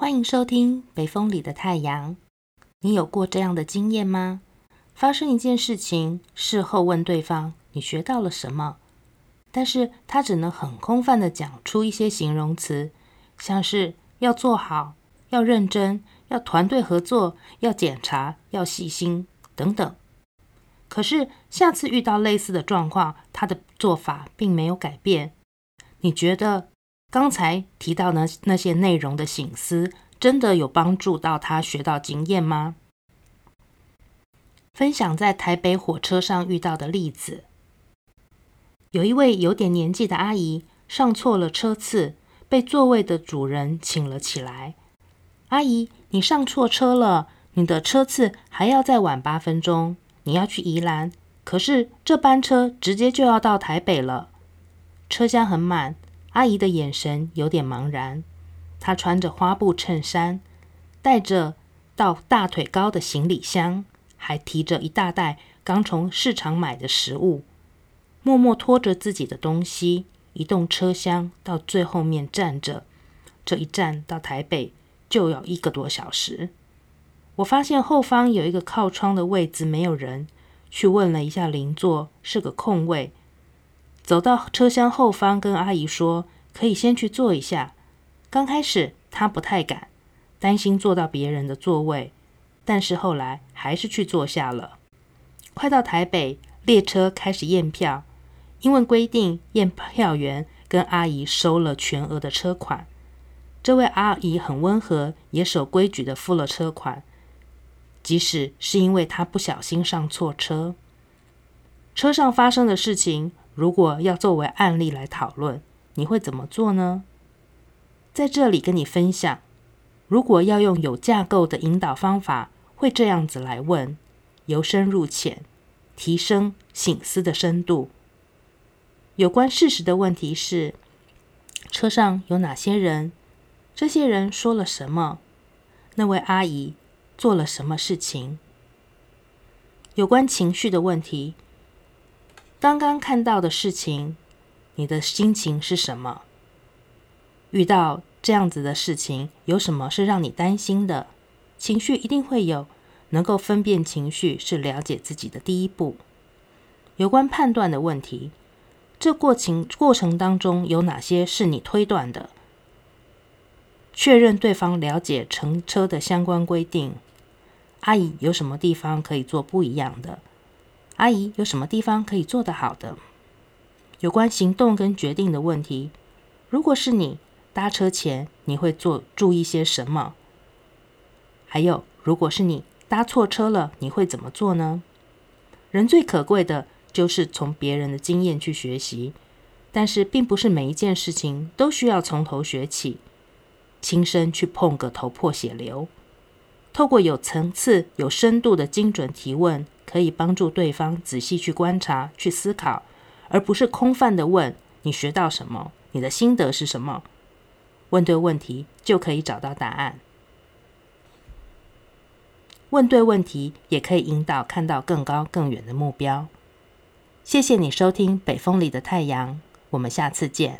歡迎收聽《北風裡的太陽》。你有過這樣的經驗嗎？發生一件事情，事後問對方，你學到了什麼？但是他只能很空泛地講出一些形容詞，像是要做好、要認真、要團隊合作、要檢查、要細心等等。可是下次遇到類似的狀況，他的做法並沒有改變。你覺得？剛才提到的那些內容的省思，真的有幫助到他學到經驗嗎？分享在台北火車上遇到的例子，有一位有點年紀的阿姨上錯了車次，被座位的主人請了起來。阿姨，你上錯車了，你的車次還要再晚八分鐘，你要去宜蘭，可是這班車直接就要到台北了，車廂很滿。阿姨的眼神有點茫然。她穿着花布襯衫，帶着到大腿高的行李箱，還提着一大袋剛從市場買的食物，默默拖着自己的東西移動車廂到最後面站着。這一站到台北就要一個多小時。我發現後方有一個靠窗的位置沒有人，去問了一下鄰座，是個空位。走到車廂後方，跟阿姨說：“可以先去坐一下。”剛開始她不太敢，擔心坐到別人的座位，但是後來還是去坐下了。快到台北，列車開始驗票，因為規定，驗票員跟阿姨收了全額的車款。這位阿姨很溫和，也守規矩的付了車款，即使是因為她不小心上錯車，車上發生的事情。如果要作為案例來討論，你會怎麼做呢？在這裡跟你分享，如果要用有架構的引導方法，會這樣子來問：由深入淺，提升省思的深度。有關事實的問題是：車上有哪些人？這些人說了什麼？那位阿姨做了什麼事情？有關情緒的問題。剛剛看到的事情，你的心情是什麼？遇到這樣子的事情，有什麼是讓你擔心的？情緒一定會有，能夠分辨情緒是了解自己的第一步。有關判斷的問題，這過程過程當中有哪些是你推斷的？確認對方了解乘車的相關規定，阿姨有什麼地方可以做不一樣的？阿姨有什麼地方可以做得好的？有關行動跟決定的問題，如果是你搭車前，你會做注意些什麼？還有，如果是你搭錯車了，你會怎麼做呢？人最可貴的就是從別人的經驗去學習，但是並不是每一件事情都需要從頭學起，親身去碰個頭破血流。透過有層次、有深度的精準提問，可以幫助對方仔細去觀察、去思考，而不是空泛地問你學到什麼、你的心得是什麼。問對問題就可以找到答案。問對問題也可以引導看到更高、更遠的目標。謝謝你收聽《北風裡的太陽》，我們下次見。